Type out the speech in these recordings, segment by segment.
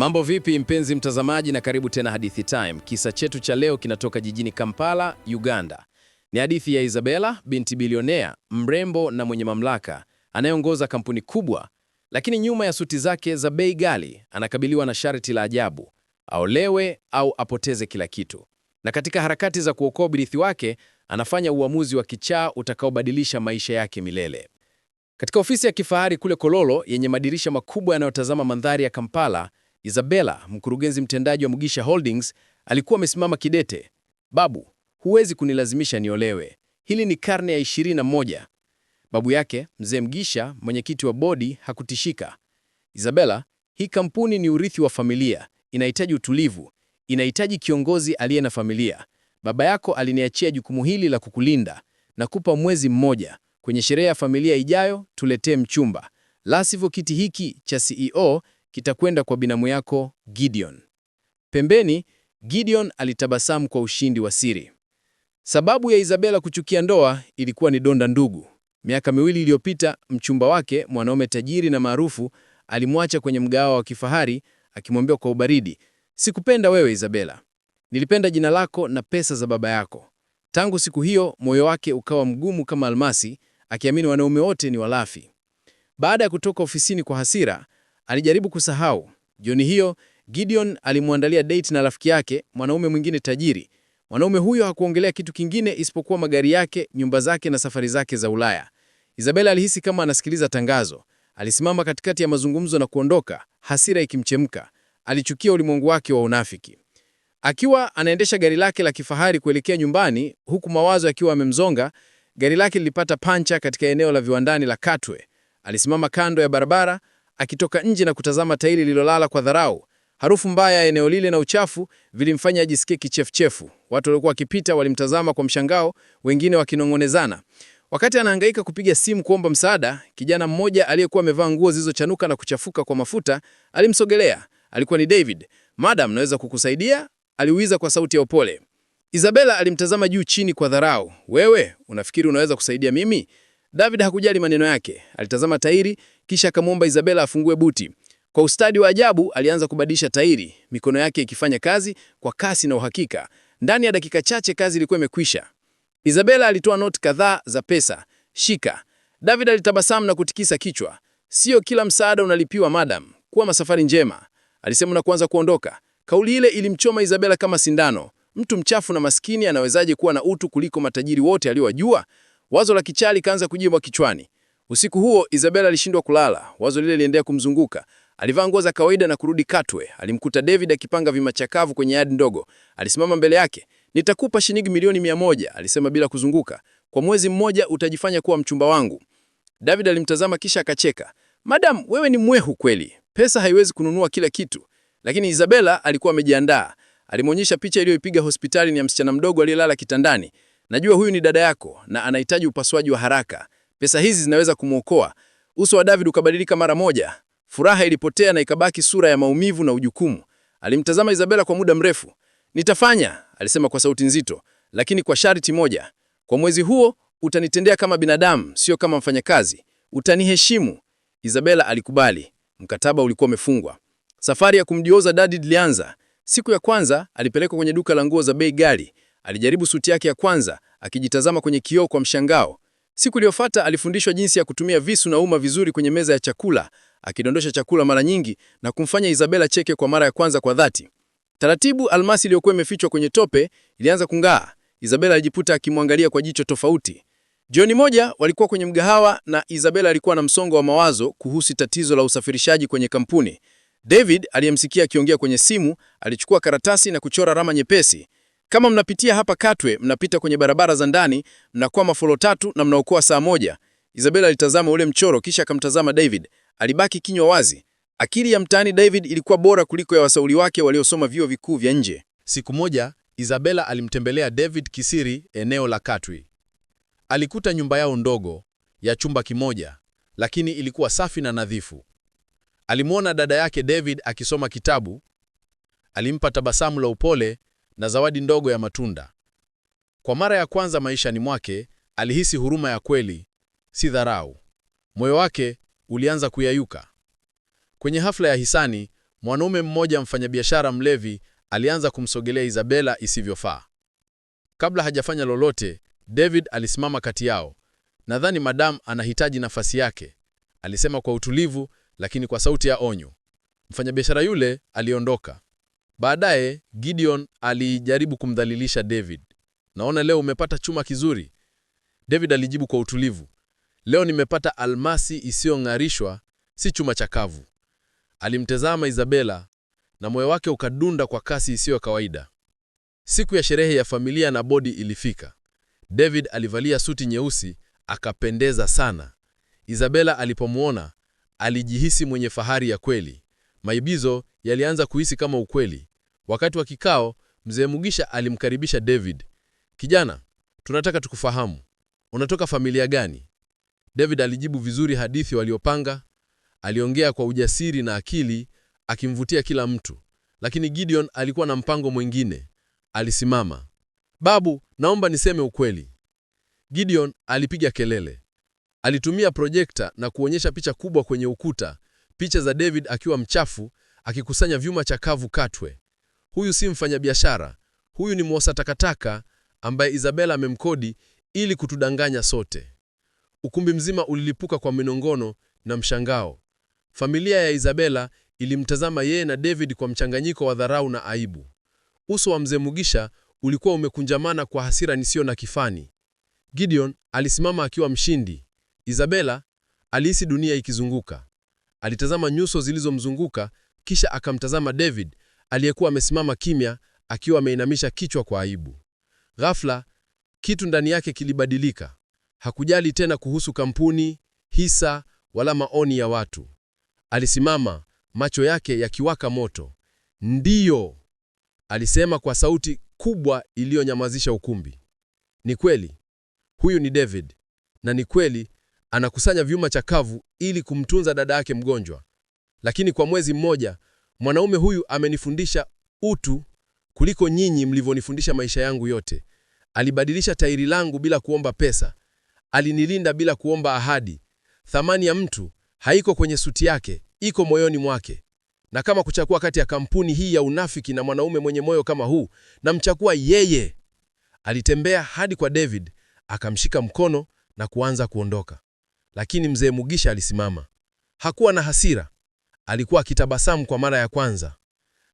Mambo vipi mpenzi mtazamaji, na karibu tena Hadithi Time. Kisa chetu cha leo kinatoka jijini Kampala, Uganda. Ni hadithi ya Isabella, binti bilionea mrembo na mwenye mamlaka anayeongoza kampuni kubwa, lakini nyuma ya suti zake za bei ghali anakabiliwa na sharti la ajabu: aolewe au apoteze kila kitu. Na katika harakati za kuokoa birithi wake anafanya uamuzi wa kichaa utakaobadilisha maisha yake milele. Katika ofisi ya kifahari kule Kololo yenye madirisha makubwa yanayotazama mandhari ya Kampala Isabella, mkurugenzi mtendaji wa Mugisha Holdings, alikuwa amesimama kidete. Babu, huwezi kunilazimisha niolewe, hili ni karne ya 21 moja. Babu yake mzee Mgisha, mwenyekiti wa bodi, hakutishika. Isabella, hii kampuni ni urithi wa familia, inahitaji utulivu, inahitaji kiongozi aliye na familia. Baba yako aliniachia jukumu hili la kukulinda na kupa mwezi mmoja. Kwenye sherehe ya familia ijayo tuletee mchumba, la sivyo kiti hiki cha CEO kitakwenda kwa binamu yako Gideon. Pembeni, Gideon alitabasamu kwa ushindi wa siri. Sababu ya Isabela kuchukia ndoa ilikuwa ni donda ndugu. Miaka miwili iliyopita, mchumba wake, mwanaume tajiri na maarufu, alimwacha kwenye mgahawa wa kifahari akimwambia kwa ubaridi, sikupenda wewe Isabela, nilipenda jina lako na pesa za baba yako. Tangu siku hiyo moyo wake ukawa mgumu kama almasi, akiamini wanaume wote ni walafi. Baada ya kutoka ofisini kwa hasira, Alijaribu kusahau. Jioni hiyo Gideon alimwandalia date na rafiki yake, mwanaume mwingine tajiri. Mwanaume huyo hakuongelea kitu kingine isipokuwa magari yake, nyumba zake na safari zake za Ulaya. Isabella alihisi kama anasikiliza tangazo. Alisimama katikati ya mazungumzo na kuondoka, hasira ikimchemka. Alichukia ulimwengu wake wa unafiki. Akiwa anaendesha gari lake la kifahari kuelekea nyumbani, huku mawazo akiwa amemzonga, gari lake lilipata pancha katika eneo la viwandani la Katwe. Alisimama kando ya barabara, akitoka nje na kutazama tairi lililolala kwa dharau. Harufu mbaya ya eneo lile na uchafu vilimfanya ajisikie kichefuchefu. Watu waliokuwa wakipita walimtazama kwa mshangao, wengine wakinong'onezana. Wakati anahangaika kupiga simu kuomba msaada, kijana mmoja aliyekuwa amevaa nguo zilizochanuka na kuchafuka kwa mafuta alimsogelea. Alikuwa ni David. Madam, naweza kukusaidia? aliuliza kwa sauti ya upole. Isabella alimtazama juu chini kwa dharau. Wewe unafikiri unaweza kusaidia mimi? David hakujali maneno yake, alitazama tairi kisha akamwomba Isabela afungue buti. Kwa ustadi wa ajabu, alianza kubadilisha tairi, mikono yake ikifanya kazi kwa kasi na uhakika. Ndani ya dakika chache kazi ilikuwa imekwisha. Isabela alitoa noti kadhaa za pesa. Shika. David alitabasamu na kutikisa kichwa. Sio kila msaada unalipiwa, madam. Kuwa masafari njema, alisema na kuanza kuondoka. Kauli ile ilimchoma Isabela kama sindano. Mtu mchafu na maskini anawezaje kuwa na utu kuliko matajiri wote aliowajua? Wazo la kichaa likaanza kujibwa kichwani. Usiku huo Isabella alishindwa kulala, wazo lile liendelea kumzunguka. Alivaa nguo za kawaida na kurudi Katwe. Alimkuta David akipanga vimachakavu kwenye yadi ndogo. Alisimama mbele yake. Nitakupa shilingi milioni mia moja, alisema bila kuzunguka. Kwa mwezi mmoja utajifanya kuwa mchumba wangu. David alimtazama kisha akacheka. Madam, wewe ni mwehu kweli. Pesa haiwezi kununua kila kitu. Lakini Isabella alikuwa amejiandaa. Alimwonyesha picha iliyoipiga hospitali ni ya msichana mdogo aliyelala kitandani. Najua huyu ni dada yako na anahitaji upasuaji wa haraka. Pesa hizi zinaweza kumwokoa. Uso wa David ukabadilika mara moja. Furaha ilipotea na ikabaki sura ya maumivu na ujukumu. Alimtazama Isabela kwa muda mrefu. Nitafanya, alisema kwa sauti nzito, lakini kwa sharti moja. Kwa mwezi huo utanitendea kama binadamu, sio kama mfanyakazi. Utaniheshimu. Isabela alikubali. Mkataba ulikuwa umefungwa. Safari ya kumjioza David ilianza. Siku ya kwanza alipelekwa kwenye duka la nguo za bei ghali. Alijaribu suti yake ya kwanza, akijitazama kwenye kioo kwa mshangao. Siku iliyofuata alifundishwa jinsi ya kutumia visu na uma vizuri kwenye meza ya chakula, akidondosha chakula mara nyingi na kumfanya Isabela cheke kwa mara ya kwanza kwa dhati. Taratibu, almasi iliyokuwa imefichwa kwenye tope ilianza kung'aa. Isabela alijiputa akimwangalia kwa jicho tofauti. Jioni moja walikuwa kwenye mgahawa na Isabela alikuwa na msongo wa mawazo kuhusu tatizo la usafirishaji kwenye kampuni. David aliyemsikia akiongea kwenye simu alichukua karatasi na kuchora rama nyepesi. Kama mnapitia hapa Katwe, mnapita kwenye barabara za ndani, mnakwama folo tatu na mnaokoa saa moja. Isabella alitazama ule mchoro kisha akamtazama David. Alibaki kinywa wazi. Akili ya mtaani David ilikuwa bora kuliko ya wasauli wake waliosoma vyuo vikuu vya nje. Siku moja Isabella alimtembelea David kisiri eneo la Katwe. Alikuta nyumba yao ndogo ya chumba kimoja, lakini ilikuwa safi na nadhifu. Alimwona dada yake David akisoma kitabu. Alimpa tabasamu la upole na zawadi ndogo ya matunda. Kwa mara ya kwanza maishani mwake alihisi huruma ya kweli, si dharau. Moyo wake ulianza kuyayuka. Kwenye hafla ya hisani, mwanaume mmoja mfanyabiashara mlevi alianza kumsogelea Isabella isivyofaa. Kabla hajafanya lolote, David alisimama kati yao. Nadhani madam anahitaji nafasi yake, alisema kwa utulivu, lakini kwa sauti ya onyo. Mfanyabiashara yule aliondoka. Baadaye Gideon alijaribu kumdhalilisha David. Naona leo umepata chuma kizuri. David alijibu kwa utulivu, leo nimepata almasi isiyong'arishwa, si chuma chakavu. Alimtazama Isabela na moyo wake ukadunda kwa kasi isiyo kawaida. Siku ya sherehe ya familia na bodi ilifika. David alivalia suti nyeusi, akapendeza sana. Isabela alipomwona alijihisi mwenye fahari ya kweli. Maibizo yalianza kuhisi kama ukweli. Wakati wa kikao, mzee Mugisha alimkaribisha David. Kijana, tunataka tukufahamu, unatoka familia gani? David alijibu vizuri hadithi waliopanga. Aliongea kwa ujasiri na akili, akimvutia kila mtu. Lakini Gideon alikuwa na mpango mwingine. Alisimama. Babu, naomba niseme ukweli. Gideon alipiga kelele. Alitumia projekta na kuonyesha picha kubwa kwenye ukuta, picha za David akiwa mchafu, akikusanya vyuma chakavu katwe. Huyu si mfanyabiashara, huyu ni mwosa takataka ambaye Isabela amemkodi ili kutudanganya sote. Ukumbi mzima ulilipuka kwa minongono na mshangao. Familia ya Isabela ilimtazama yeye na David kwa mchanganyiko wa dharau na aibu. Uso wa mzee Mugisha ulikuwa umekunjamana kwa hasira nisiyo na kifani. Gideon alisimama akiwa mshindi. Isabela alihisi dunia ikizunguka. Alitazama nyuso zilizomzunguka kisha akamtazama David aliyekuwa amesimama kimya akiwa ameinamisha kichwa kwa aibu. Ghafla kitu ndani yake kilibadilika. Hakujali tena kuhusu kampuni, hisa wala maoni ya watu. Alisimama, macho yake yakiwaka moto. Ndiyo, alisema kwa sauti kubwa iliyonyamazisha ukumbi. Ni kweli, huyu ni David, na ni kweli anakusanya vyuma chakavu ili kumtunza dada yake mgonjwa. Lakini kwa mwezi mmoja mwanaume huyu amenifundisha utu kuliko nyinyi mlivyonifundisha maisha yangu yote. Alibadilisha tairi langu bila kuomba pesa, alinilinda bila kuomba ahadi. Thamani ya mtu haiko kwenye suti yake, iko moyoni mwake. Na kama kuchagua kati ya kampuni hii ya unafiki na mwanaume mwenye moyo kama huu, namchagua yeye. Alitembea hadi kwa David, akamshika mkono na kuanza kuondoka, lakini mzee Mugisha alisimama. Hakuwa na hasira, Alikuwa akitabasamu kwa mara ya kwanza.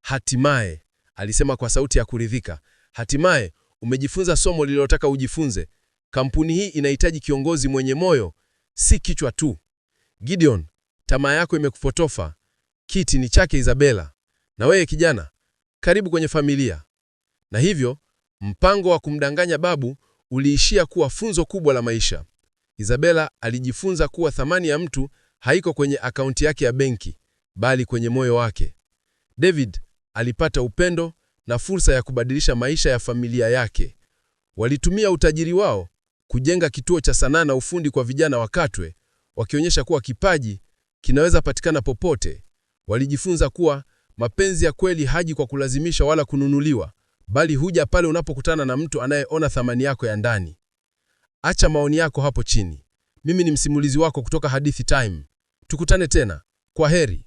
Hatimaye, alisema kwa sauti ya kuridhika, hatimaye umejifunza somo lililotaka ujifunze. Kampuni hii inahitaji kiongozi mwenye moyo, si kichwa tu. Gideon, tamaa yako imekupotofa. Kiti ni chake Isabela, na wewe kijana, karibu kwenye familia. Na hivyo mpango wa kumdanganya babu uliishia kuwa funzo kubwa la maisha. Isabela alijifunza kuwa thamani ya mtu haiko kwenye akaunti yake ya benki, bali kwenye moyo wake. David alipata upendo na fursa ya kubadilisha maisha ya familia yake. Walitumia utajiri wao kujenga kituo cha sanaa na ufundi kwa vijana wa Katwe, wakionyesha kuwa kipaji kinaweza patikana popote. Walijifunza kuwa mapenzi ya kweli haji kwa kulazimisha wala kununuliwa, bali huja pale unapokutana na mtu anayeona thamani yako ya ndani. Acha maoni yako hapo chini. Mimi ni msimulizi wako kutoka Hadithi Time. Tukutane tena. Kwa heri.